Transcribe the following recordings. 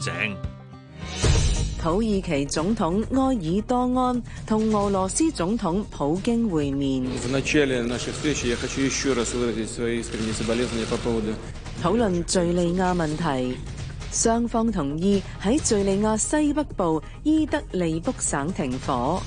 正土耳其總統埃爾多安同俄羅斯總統普京會面，面，討論敘利亞問題，雙方同意喺敘利亞西北部伊德利卜省停火。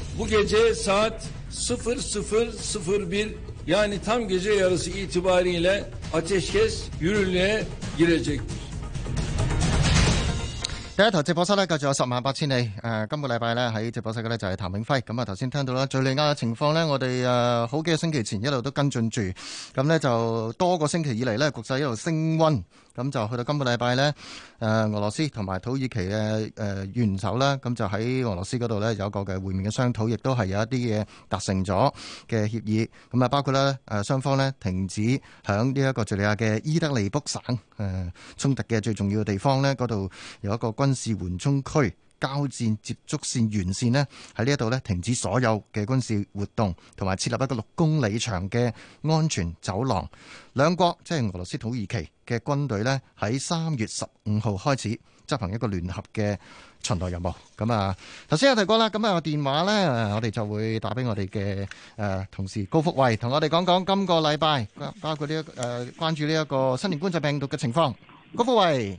第一台直播室呢繼續有十萬八千里。誒、呃，今個禮拜呢喺直播室嘅，呢就係、是、譚永輝。咁、嗯、啊，頭先聽到啦，敘利亞嘅情況呢，我哋誒、呃、好幾個星期前一路都跟進住，咁、嗯、呢就多個星期以嚟，呢，局勢一路升溫。咁就去到今個禮拜呢，誒俄羅斯同埋土耳其嘅誒元首啦，咁就喺俄羅斯嗰度呢，有一個嘅會面嘅商討，亦都係有一啲嘢達成咗嘅協議。咁啊包括呢誒雙方呢停止響呢一個敍利亞嘅伊德利卜省誒衝突嘅最重要嘅地方呢，嗰度有一個軍事緩衝區。交戰接觸線沿線呢，喺呢一度呢停止所有嘅軍事活動，同埋設立一個六公里長嘅安全走廊。兩國即係俄羅斯、土耳其嘅軍隊呢，喺三月十五號開始執行一個聯合嘅巡邏任務。咁啊，頭先有提過啦，咁啊電話呢，我哋就會打俾我哋嘅誒同事高福衛，同我哋講講今個禮拜包括呢一誒關注呢一個新型冠狀病毒嘅情況。高福衛。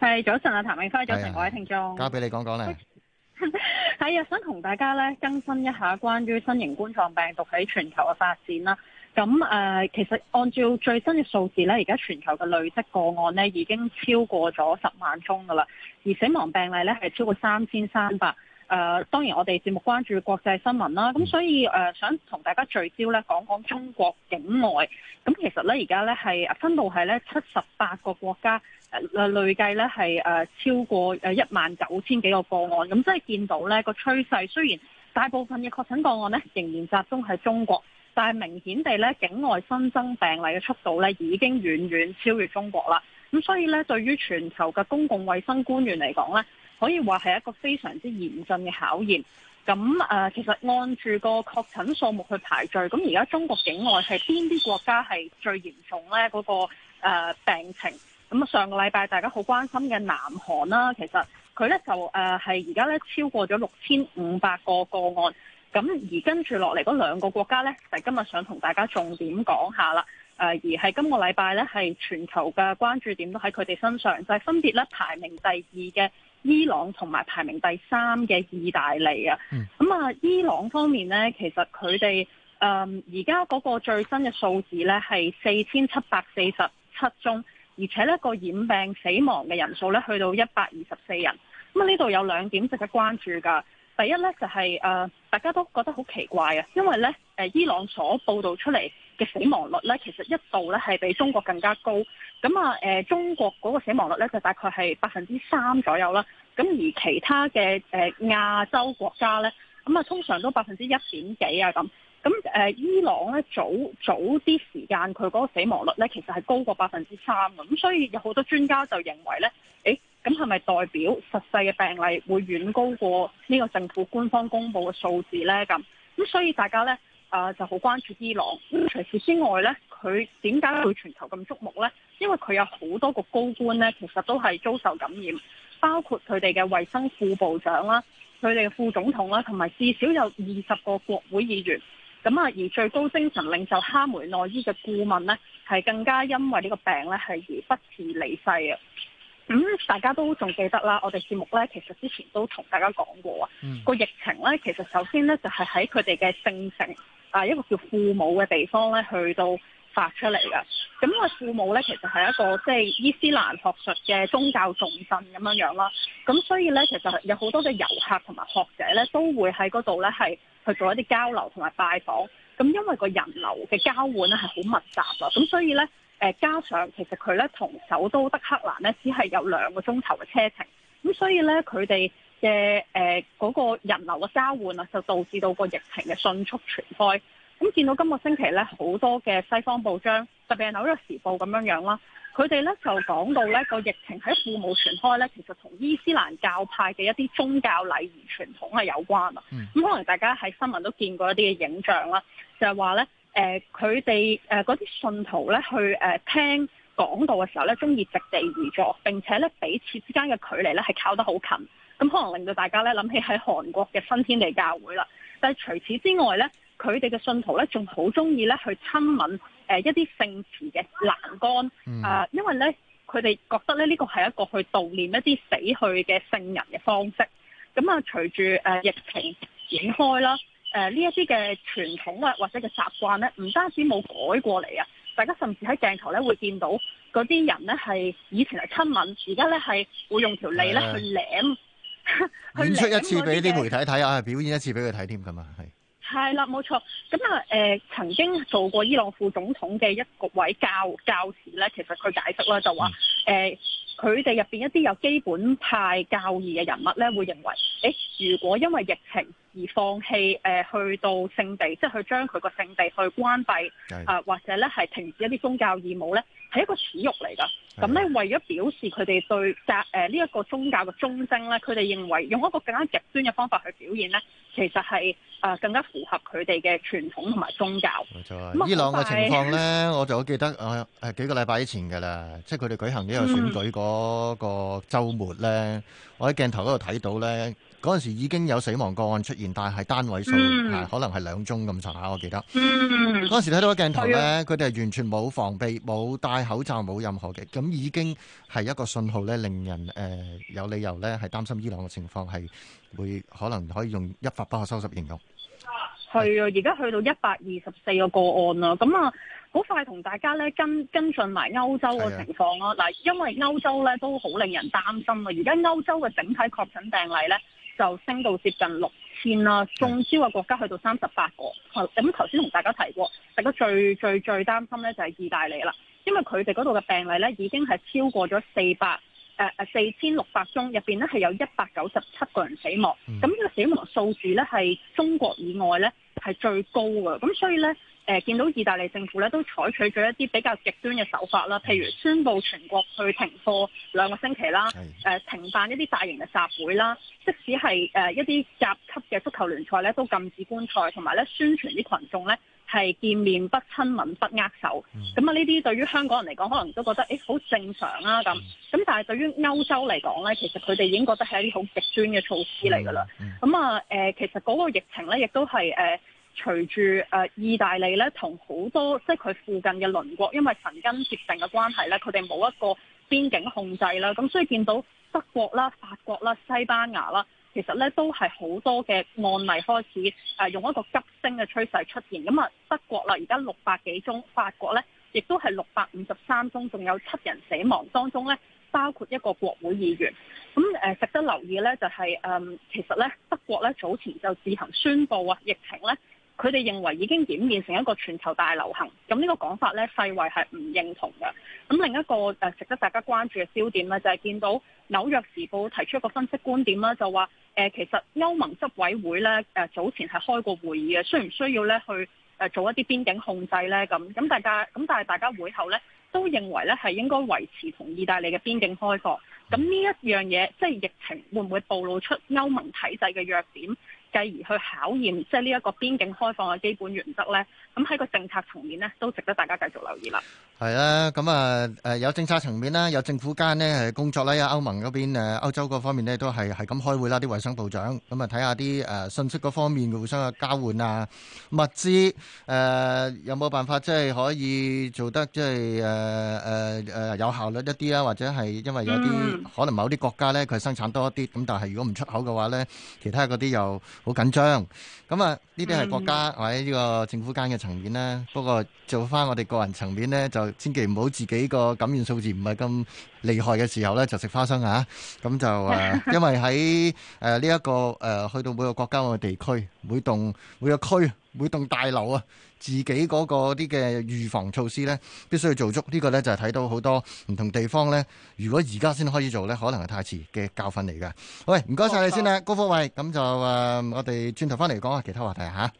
係早晨啊，譚永輝，早晨，早晨的各位聽眾，交俾你講講咧。係啊， 想同大家咧更新一下關於新型冠狀病毒喺全球嘅發展啦。咁誒、呃，其實按照最新嘅數字咧，而家全球嘅累積個案咧已經超過咗十萬宗噶啦，而死亡病例咧係超過三千三百。誒、呃、當然，我哋節目關注國際新聞啦，咁所以誒、呃、想同大家聚焦咧講講中國境外。咁其實咧，而家咧係分佈係咧七十八個國家誒誒、呃、累計咧係誒超過誒一萬九千幾個個案。咁即係見到咧個趨勢，雖然大部分嘅確診個案咧仍然集中喺中國，但係明顯地咧境外新增病例嘅速度咧已經遠遠超越中國啦。咁所以咧，對於全球嘅公共衛生官員嚟講咧，可以話係一個非常之嚴峻嘅考驗。咁、呃、其實按住個確診數目去排序，咁而家中國境外係邊啲國家係最嚴重呢？嗰、嗰個、呃、病情。咁上個禮拜大家好關心嘅南韓啦，其實佢呢就係而家呢超過咗六千五百個個案。咁而跟住落嚟嗰兩個國家呢，就係、今日想同大家重點講下啦、呃。而係今個禮拜呢，係全球嘅關注點都喺佢哋身上，就係、係、分別咧排名第二嘅。伊朗同埋排名第三嘅意大利啊，咁啊，伊朗方面咧，其實佢哋誒而家嗰個最新嘅數字咧係四千七百四十七宗，而且咧個染病死亡嘅人數咧去到一百二十四人。咁啊，呢度有兩點值得關注噶，第一咧就係誒大家都覺得好奇怪啊，因為咧誒伊朗所報道出嚟。嘅死亡率咧，其實一度咧係比中國更加高。咁啊，誒、呃、中國嗰個死亡率咧，就大概係百分之三左右啦。咁而其他嘅誒、呃、亞洲國家咧，咁啊通常都百分之一點幾啊咁。咁誒、呃、伊朗咧早早啲時間，佢嗰個死亡率咧，其實係高過百分之三啊。咁所以有好多專家就認為咧，誒咁係咪代表實際嘅病例會遠高過呢個政府官方公布嘅數字咧？咁咁所以大家咧。啊，就好關注伊朗、嗯。除此之外呢，佢點解會全球咁矚目呢？因為佢有好多個高官呢，其實都係遭受感染，包括佢哋嘅衞生副部長啦、佢哋嘅副總統啦，同埋至少有二十個國會議員。咁啊，而最高精神領袖哈梅內伊嘅顧問呢，係更加因為呢個病呢，係而不治離世啊。咁、嗯、大家都仲記得啦，我哋節目呢，其實之前都同大家講過啊，個、嗯、疫情呢，其實首先呢，就係喺佢哋嘅性性。啊，一個叫父母嘅地方咧，去到發出嚟㗎。咁因為父母咧，其實係一個即係、就是、伊斯蘭學術嘅宗教重鎮咁樣樣啦。咁所以咧，其實有好多嘅遊客同埋學者咧，都會喺嗰度咧係去做一啲交流同埋拜訪。咁因為個人流嘅交換咧係好密集啊。咁所以咧，誒加上其實佢咧同首都德黑蘭咧，只係有兩個鐘頭嘅車程。咁所以咧，佢哋。嘅誒嗰個人流嘅交換啊，就導致到個疫情嘅迅速傳開。咁見到今個星期咧，好多嘅西方報章，特別係紐約時報咁樣樣啦，佢哋咧就講到咧個疫情喺父母傳開咧，其實同伊斯蘭教派嘅一啲宗教禮儀傳統係有關啊。咁、嗯、可能大家喺新聞都見過一啲嘅影像啦，就係話咧誒，佢哋誒嗰啲信徒咧去誒、呃、聽講道嘅時候咧，中意席地而坐，並且咧彼此之間嘅距離咧係靠得好近。咁可能令到大家咧諗起喺韓國嘅新天地教會啦，但係除此之外咧，佢哋嘅信徒咧仲好中意咧去親吻一啲聖祠嘅欄杆啊、嗯呃，因為咧佢哋覺得咧呢個係一個去悼念一啲死去嘅聖人嘅方式。咁、嗯、啊，隨住疫情展開啦，呢一啲嘅傳統或者嘅習慣咧，唔單止冇改過嚟啊，大家甚至喺鏡頭咧會見到嗰啲人咧係以前係親吻，而家咧係會用條脷咧去舐的。演出一次俾啲媒體睇下，表演一次俾佢睇添咁嘛，係係啦，冇錯。咁啊，誒、呃，曾經做過伊朗副總統嘅一位教教士咧，其實佢解釋啦，就話，誒、呃，佢哋入邊一啲有基本派教義嘅人物咧，會認為，誒，如果因為疫情，而放棄誒、呃、去到聖地，即係去將佢個聖地去關閉啊、呃，或者咧係停止一啲宗教義務咧，係一個恥辱嚟㗎。咁咧為咗表示佢哋對誒呢一個宗教嘅忠貞咧，佢哋認為用一個更加極端嘅方法去表現咧，其實係啊、呃、更加符合佢哋嘅傳統同埋宗教。冇錯啊！很伊朗嘅情況咧，我就好記得誒誒幾個禮拜以前㗎啦，即係佢哋舉行呢個選舉嗰個週末咧，嗯、我喺鏡頭嗰度睇到咧。嗰陣時已經有死亡個案出現，但係係單位數，係可能係兩宗咁上下，我記得。嗰陣時睇到個鏡頭咧，佢哋係完全冇防備，冇戴口罩，冇任何嘅，咁已經係一個信號咧，令人誒有理由咧係擔心伊朗嘅情況係會可能可以用一發不可收拾形容。係啊，而家去到一百二十四個個案啦，咁啊，好快同大家咧跟跟進埋歐洲個情況咯。嗱，因為歐洲咧都好令人擔心啊，而家歐洲嘅整體確診病例咧。就升到接近六千啦，中招嘅國家去到三十八個。咁頭先同大家提過，大家最最最擔心咧就係意大利啦，因為佢哋嗰度嘅病例咧已經係超過咗四百誒誒四千六百宗，入邊咧係有一百九十七個人死亡。咁、那、呢個死亡數字咧係中國以外咧係最高嘅，咁所以咧。誒、呃，見到意大利政府咧都採取咗一啲比較極端嘅手法啦，譬如宣布全國去停課兩個星期啦，的呃、停辦一啲大型嘅集會啦，即使係、呃、一啲甲級嘅足球聯賽咧都禁止觀賽，同埋咧宣傳啲群眾咧係見面不親吻不握手。咁啊、嗯，呢啲對於香港人嚟講，可能都覺得誒好、欸、正常啊咁。咁、嗯、但係對於歐洲嚟講咧，其實佢哋已經覺得係一啲好極端嘅措施嚟㗎喇。咁啊、嗯嗯呃，其實嗰個疫情咧，亦都係隨住誒意大利咧，同好多即係佢附近嘅鄰國，因為申根協定嘅關係咧，佢哋冇一個邊境控制啦，咁所以見到德國啦、法國啦、西班牙啦，其實咧都係好多嘅案例開始誒用一個急升嘅趨勢出現。咁啊，德國啦，而家六百幾宗；法國咧，亦都係六百五十三宗，仲有七人死亡。當中咧包括一個國會議員。咁誒，值得留意咧，就係誒其實咧德國咧早前就自行宣布啊疫情咧。佢哋認為已經演變成一個全球大流行，咁呢個講法呢，世衞係唔認同嘅。咁另一個誒，值得大家關注嘅焦點呢，就係見到紐約時報提出一個分析觀點啦，就話誒，其實歐盟執委會呢，誒早前係開過會議嘅，需唔需要呢去誒做一啲邊境控制呢？咁咁大家咁但係大家會後呢，都認為呢係應該維持同意大利嘅邊境開放。咁呢一樣嘢，即係疫情會唔會暴露出歐盟體制嘅弱點？繼而去考驗，即係呢一個邊境開放嘅基本原則呢。咁喺個政策層面呢，都值得大家繼續留意啦。係啊，咁啊，誒有政策層面啦，有政府間呢，係工作啦。啊，歐盟嗰邊誒歐洲嗰方面呢，都係係咁開會啦。啲衞生部長咁啊，睇下啲誒信息嗰方面互相嘅交換啊，物資誒、呃、有冇辦法即係、即係、可以做得即係誒誒誒有效率一啲啦？或者係因為有啲、嗯、可能某啲國家呢，佢生產多一啲，咁但係如果唔出口嘅話呢，其他嗰啲又。好緊張，咁啊呢啲係國家或者呢個政府間嘅層面呢、嗯、不過做翻我哋個人層面呢，就千祈唔好自己個感染數字唔係咁厲害嘅時候呢，就食花生呀。咁、啊、就、啊、因為喺呢一個、呃、去到每個國家每個地區，每棟每個區每棟大樓啊。自己嗰個啲嘅預防措施呢，必須要做足。呢個呢，就係睇到好多唔同地方呢。如果而家先開始做呢，可能係太遲嘅教訓嚟嘅。好，唔該晒你先啦，錯高福衞。咁就誒，我哋轉頭翻嚟講下其他話題嚇。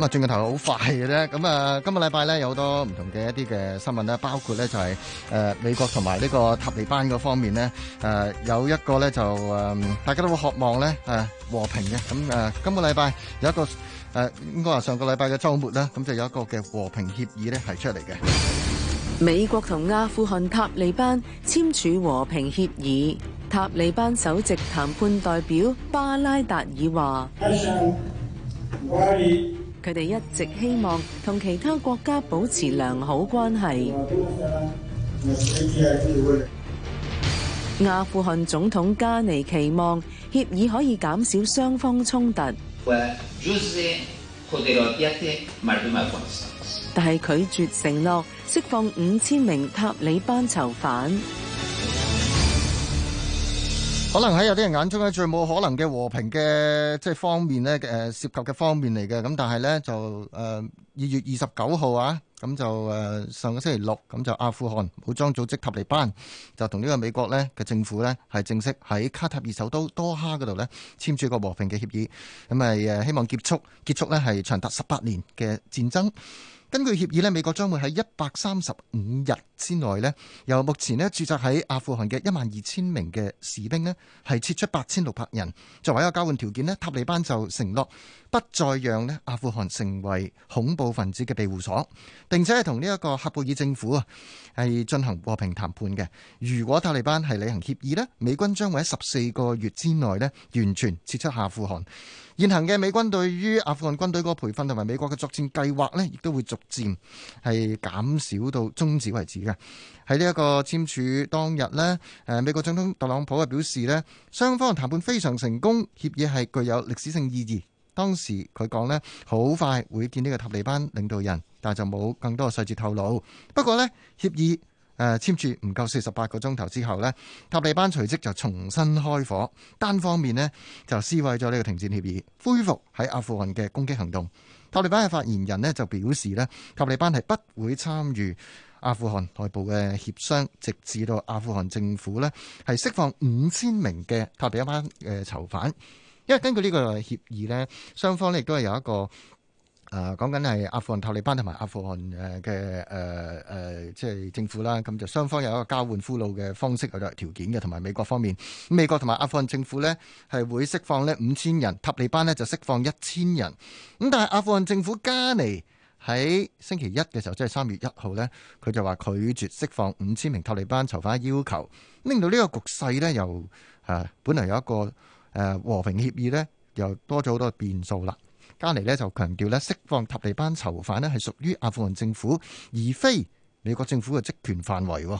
咁啊，轉個頭好快嘅咧。咁啊、呃，今個禮拜咧有好多唔同嘅一啲嘅新聞咧，包括咧就係、是、誒、呃、美國同埋呢個塔利班嗰方面咧，誒、呃、有一個咧就誒、呃、大家都好渴望咧誒、啊、和平嘅。咁誒、呃、今個禮拜有一個誒、呃、應該話上個禮拜嘅周末啦，咁就有一個嘅和平協議咧係出嚟嘅。美國同阿富汗塔利班簽署和平協議，塔利班首席談判代表巴拉達爾話。佢哋一直希望同其他國家保持良好關係。阿富汗總統加尼期望協議可以減少雙方衝突，但係拒絕承諾釋放五千名塔利班囚犯。可能喺有啲人眼中咧，最冇可能嘅和平嘅即係方面，方面呢，誒涉及嘅方面嚟嘅。咁但係呢，就誒二月二十九號啊，咁就誒上個星期六，咁就阿富汗武裝組織塔利班就同呢個美國呢嘅政府呢，係正式喺卡塔爾首都多哈嗰度呢簽署一個和平嘅協議，咁咪希望結束結束呢，係長達十八年嘅戰爭。根據協議咧，美國將會喺一百三十五日之內咧，由目前咧駐紮喺阿富汗嘅一萬二千名嘅士兵咧，係撤出八千六百人。作為一個交換條件咧，塔利班就承諾不再讓咧阿富汗成為恐怖分子嘅庇護所，並且係同呢一個喀布爾政府啊係進行和平談判嘅。如果塔利班係履行協議呢，美軍將會喺十四個月之內咧完全撤出阿富汗。現行嘅美軍對於阿富汗軍隊個培訓同埋美國嘅作戰計劃呢，亦都會逐漸係減少到終止為止嘅。喺呢一個簽署當日呢，誒，美國總統特朗普啊表示呢，雙方談判非常成功，協議係具有歷史性意義。當時佢講呢，「好快會見呢個塔利班領導人」，但係就冇更多嘅細節透露。不過呢，協議。誒，簽署唔夠四十八個鐘頭之後呢，塔利班隨即就重新開火，單方面呢，就撕毀咗呢個停戰協議，恢復喺阿富汗嘅攻擊行動。塔利班嘅發言人呢，就表示呢，塔利班係不會參與阿富汗內部嘅協商，直至到阿富汗政府呢，係釋放五千名嘅塔利班嘅囚犯，因為根據呢個協議呢，雙方呢亦都係有一個。啊，講緊係阿富汗塔利班同埋阿富汗誒嘅誒誒，即係政府啦，咁就雙方有一個交換俘虜嘅方式或者條件嘅，同埋美國方面，美國同埋阿富汗政府呢係會釋放呢五千人，塔利班呢就釋放一千人。咁但係阿富汗政府加尼喺星期一嘅時候，即係三月一號呢，佢就話拒絕釋放五千名塔利班囚犯要求。令到呢個局勢呢，又啊本嚟有一個誒、啊、和平協議呢，又多咗好多變數啦。加尼咧就強調咧，釋放塔利班囚犯咧係屬於阿富汗政府，而非美國政府嘅職權範圍。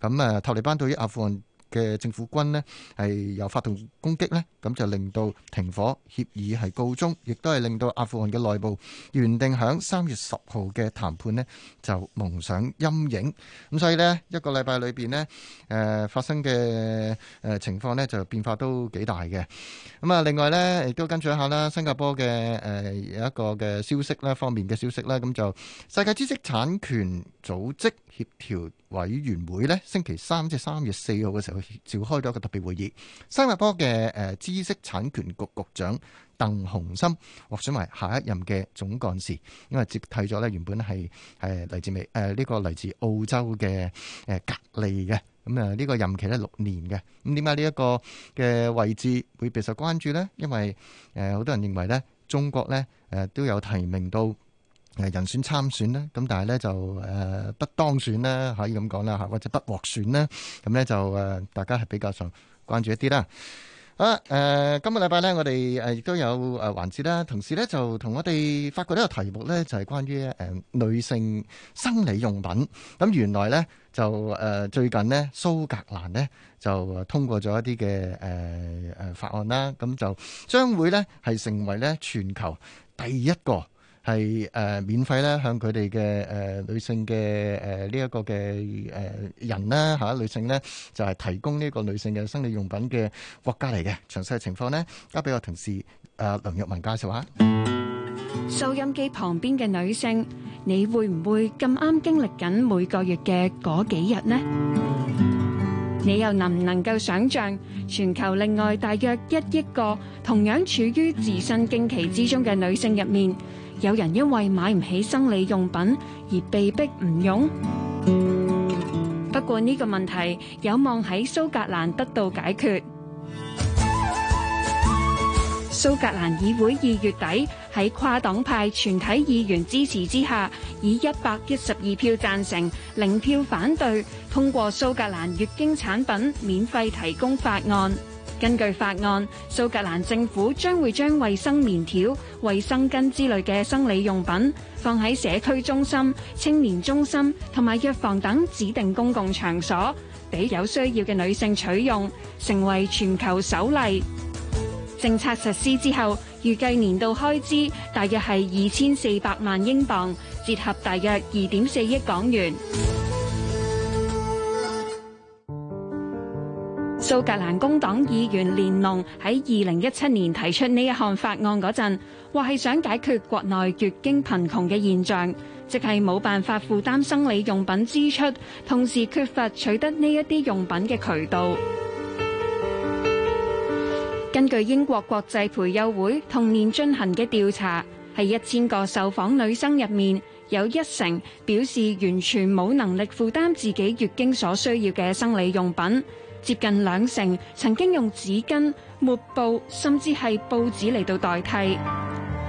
咁啊，塔利班對於阿富汗嘅政府軍呢係又發動攻擊呢，咁就令到停火協議係告終，亦都係令到阿富汗嘅內部原定喺三月十號嘅談判呢就蒙上陰影。咁所以呢一個禮拜裏邊呢，誒發生嘅誒情況呢就變化都幾大嘅。咁啊，另外呢亦都跟住一下啦，新加坡嘅誒有一個嘅消息啦，方面嘅消息啦，咁就世界知識產權組織。協調委員會咧，星期三即係三月四號嘅時候召開咗一個特別會議。新加坡嘅誒知識產權局局長鄧洪森獲選為下一任嘅總幹事，因為接替咗咧原本係誒嚟自美誒呢個嚟自澳洲嘅誒格利嘅。咁啊，呢個任期咧六年嘅。咁點解呢一個嘅位置會備受關注咧？因為誒好多人認為咧，中國咧誒都有提名到。誒，人選參選啦，咁但係咧就誒不當選啦，可以咁講啦吓，或者不獲選啦，咁咧就誒大家係比較上關注一啲啦。誒今個禮拜咧，我哋誒亦都有誒環節啦，同時咧就同我哋發覺呢個題目咧就係關於誒女性生理用品。咁原來咧就誒最近呢，蘇格蘭呢，就通過咗一啲嘅誒誒法案啦，咁就將會咧係成為咧全球第一個。係誒，免費咧向佢哋嘅誒女性嘅誒呢一個嘅誒人咧吓，女性咧就係提供呢個女性嘅生理用品嘅國家嚟嘅。詳細嘅情況咧，交俾我同事誒林玉文介紹下。收音機旁邊嘅女性，你會唔會咁啱經歷緊每個月嘅嗰幾日呢？你又能唔能夠想象全球另外大約一億個同樣處於自身經期之中嘅女性入面？有人因為買唔起生理用品而被逼唔用。不過呢個問題有望喺蘇格蘭得到解決。蘇格蘭議會二月底喺跨黨派全體議員支持之下，以一百一十二票贊成、零票反對，通過蘇格蘭月經產品免費提供法案。根據法案，蘇格蘭政府將會將衛生棉條、衛生巾之類嘅生理用品放喺社區中心、青年中心同埋藥房等指定公共場所，俾有需要嘅女性取用，成為全球首例。政策實施之後，預計年度開支大約係二千四百萬英鎊，折合大約二點四億港元。蘇格蘭工黨議員連儂喺二零一七年提出呢一項法案嗰陣，話係想解決國內月經貧窮嘅現象，即係冇辦法負擔生理用品支出，同時缺乏取得呢一啲用品嘅渠道。根據英國國際培幼會同年進行嘅調查，喺一千個受訪女生入面，有一成表示完全冇能力負擔自己月經所需要嘅生理用品。接近兩成曾經用紙巾、抹布甚至係報紙嚟到代替。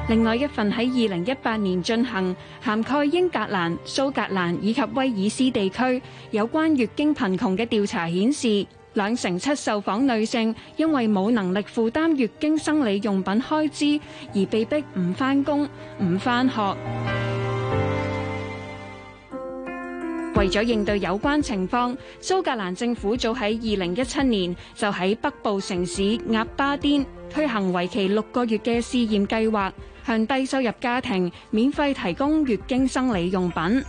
另外一份喺二零一八年進行、涵蓋英格蘭、蘇格蘭以及威爾斯地區有關月經貧窮嘅調查顯示，兩成七受訪女性因為冇能力負擔月經生理用品開支，而被逼唔返工、唔返學。為咗應對有關情況，蘇格蘭政府早喺二零一七年就喺北部城市鴨巴甸推行為期六個月嘅試驗計劃，向低收入家庭免費提供月經生理用品。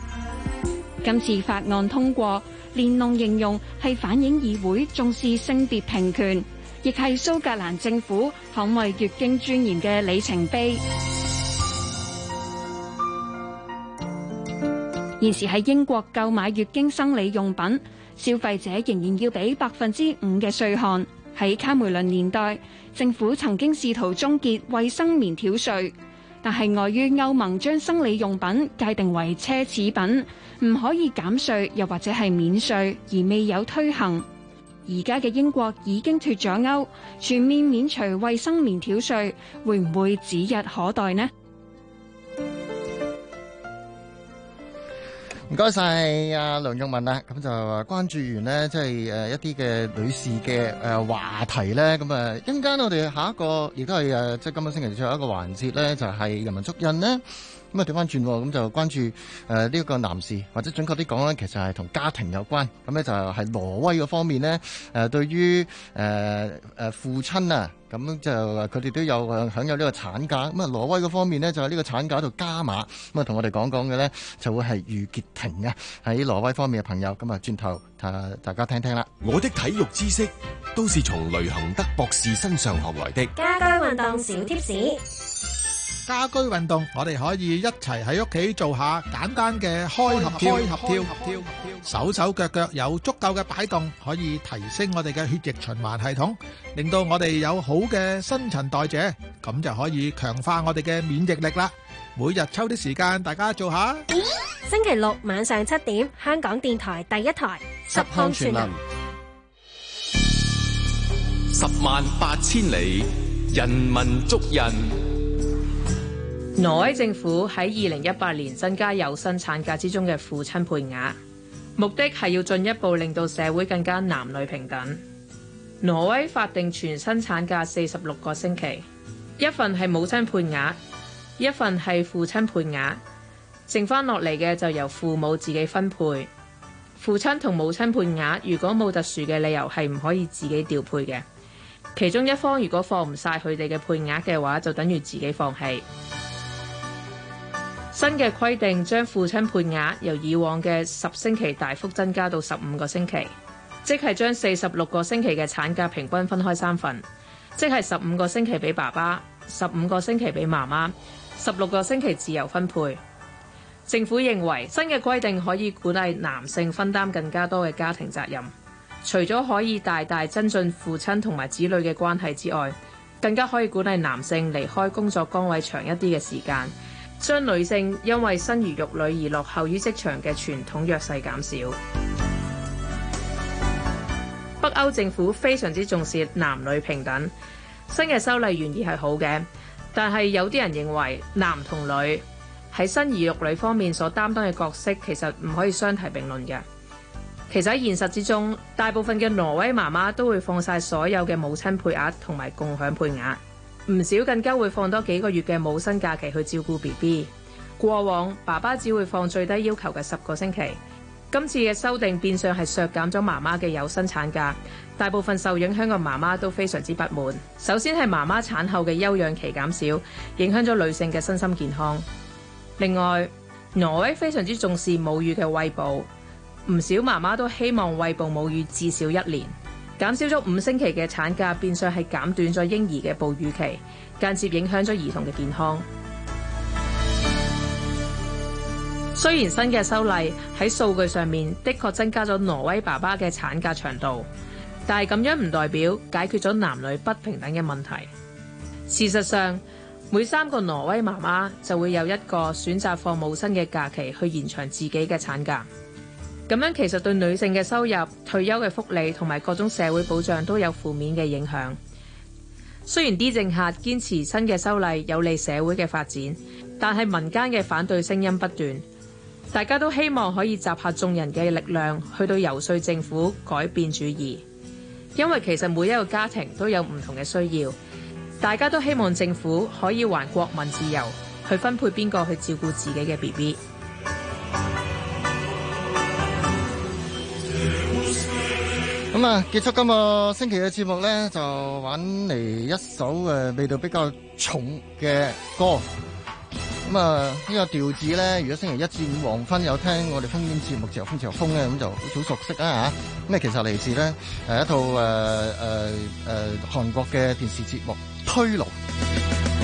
今次法案通過，連同應用係反映議會重視性別平權，亦係蘇格蘭政府捍衛月經尊嚴嘅里程碑。現時喺英國購買月經生理用品，消費者仍然要俾百分之五嘅稅項。喺卡梅倫年代，政府曾經試圖終結衛生棉條稅，但係礙於歐盟將生理用品界定為奢侈品，唔可以減稅又或者係免稅，而未有推行。而家嘅英國已經脫咗歐，全面免除衛生棉條稅，會唔會指日可待呢？唔該晒，阿梁玉文啊，咁就話關注完呢，即係誒一啲嘅女士嘅誒話題咧，咁啊，陣間我哋下一個亦都係誒，即係今個星期最後一個環節咧，就係人民足印咧。咁啊，調翻轉，咁就關注誒呢個男士，或者準確啲講咧，其實係同家庭有關。咁咧就係、是、挪威嗰方面咧，誒對於誒誒父親啊，咁就佢哋都有享有呢個產假。咁啊，挪威嗰方面咧就喺呢個產假度加碼。咁啊，同我哋講講嘅咧，就會係余潔婷啊，喺挪威方面嘅朋友。咁啊，轉頭大家聽聽啦。我的體育知識都是從雷恒德博士身上學來的。家居運動小貼士。家居運動,我哋可以一齊喺屋企做下簡單嘅開合跳。開合跳。手手腳腳有足夠嘅擺動,可以提升我哋嘅血液循環系統,令到我哋有好嘅新陳代謝,噉就可以強化我哋嘅免疫力啦。每日抽啲時間,大家做下。星期六,晚上七點,香港電台第一台,十方全能。十萬八千里,人民足印。挪威政府喺二零一八年增加有薪產假之中嘅父親配額，目的係要進一步令到社會更加男女平等。挪威法定全薪產假四十六個星期，一份係母親配額，一份係父親配額，剩翻落嚟嘅就由父母自己分配。父親同母親配額如果冇特殊嘅理由係唔可以自己調配嘅，其中一方如果放唔晒佢哋嘅配額嘅話，就等於自己放棄。新嘅規定將父親配額由以往嘅十星期大幅增加到十五個星期，即係將四十六個星期嘅產假平均分開三份，即係十五個星期俾爸爸，十五個星期俾媽媽，十六個星期自由分配。政府認為新嘅規定可以鼓勵男性分擔更加多嘅家庭責任，除咗可以大大增進父親同埋子女嘅關係之外，更加可以鼓勵男性離開工作崗位長一啲嘅時間。將女性因為生兒育女而落後於職場嘅傳統弱勢減少。北歐政府非常之重視男女平等，新嘅修例原意係好嘅，但係有啲人認為男同女喺生兒育女方面所擔當嘅角色其實唔可以相提並論嘅。其實喺現實之中，大部分嘅挪威媽媽都會放晒所有嘅母親配額同埋共享配額。唔少更加會放多幾個月嘅母親假期去照顧 BB。過往爸爸只會放最低要求嘅十個星期，今次嘅修訂變相係削減咗媽媽嘅有薪產假。大部分受影響嘅媽媽都非常之不滿。首先係媽媽產後嘅休養期減少，影響咗女性嘅身心健康。另外，挪威非常之重視母乳嘅餵哺，唔少媽媽都希望餵哺母乳至少一年。減少咗五星期嘅產假，變相係減短咗嬰兒嘅哺乳期，間接影響咗兒童嘅健康。 雖然新嘅修例喺數據上面的確增加咗挪威爸爸嘅產假長度，但係咁樣唔代表解決咗男女不平等嘅問題。事實上，每三個挪威媽媽就會有一個選擇放冇薪嘅假期去延長自己嘅產假。咁樣其實對女性嘅收入、退休嘅福利同埋各種社會保障都有負面嘅影響。雖然啲政客堅持新嘅修例有利社會嘅發展，但係民間嘅反對聲音不斷，大家都希望可以集合眾人嘅力量去到游說政府改變主意。因為其實每一個家庭都有唔同嘅需要，大家都希望政府可以還國民自由去分配邊個去照顧自己嘅 B B。咁啊，結束今個星期嘅節目咧，就揾嚟一首誒味道比較重嘅歌。咁啊，呢個調子咧，如果星期一至五黃昏有聽我哋烽煙節目《自由風自由風》咧，咁就好熟悉啊吓。咁其實嚟自咧係一套誒誒誒韓國嘅電視節目《推奴》。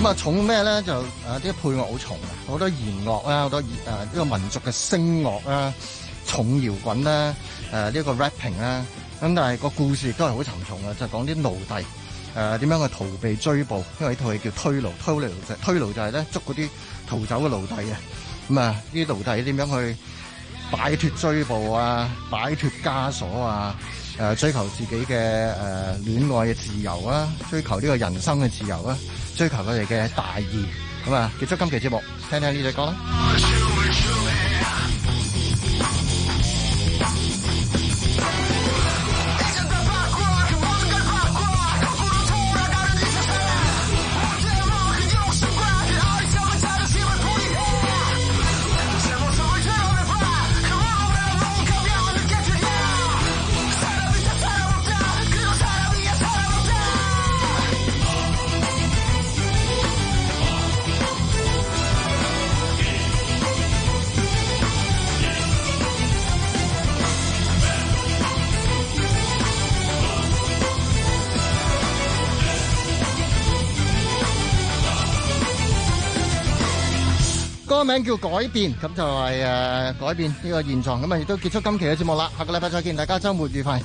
咁啊，重咩咧就誒啲配樂好重，好多弦樂啊，好多誒呢個民族嘅聲樂啦，重搖滾啦，誒呢個 rapping 啦。咁但係個故事都係好沉重嘅，就講、係、啲奴隸誒點樣去逃避追捕，因為套戲叫推奴，推奴就係、推奴就係咧捉嗰啲逃走嘅奴隸啊！咁啊，啲奴隸點樣去擺脫追捕啊？擺脫枷鎖啊？誒、呃，追求自己嘅誒戀愛嘅自由啊，追求呢個人生嘅自由啊，追求佢哋嘅大義。咁啊，結束今期節目，聽聽呢隻歌啦。名叫改變，咁就係誒改變呢個現狀，咁啊亦都結束今期嘅節目啦。下個禮拜再見，大家週末愉快，收。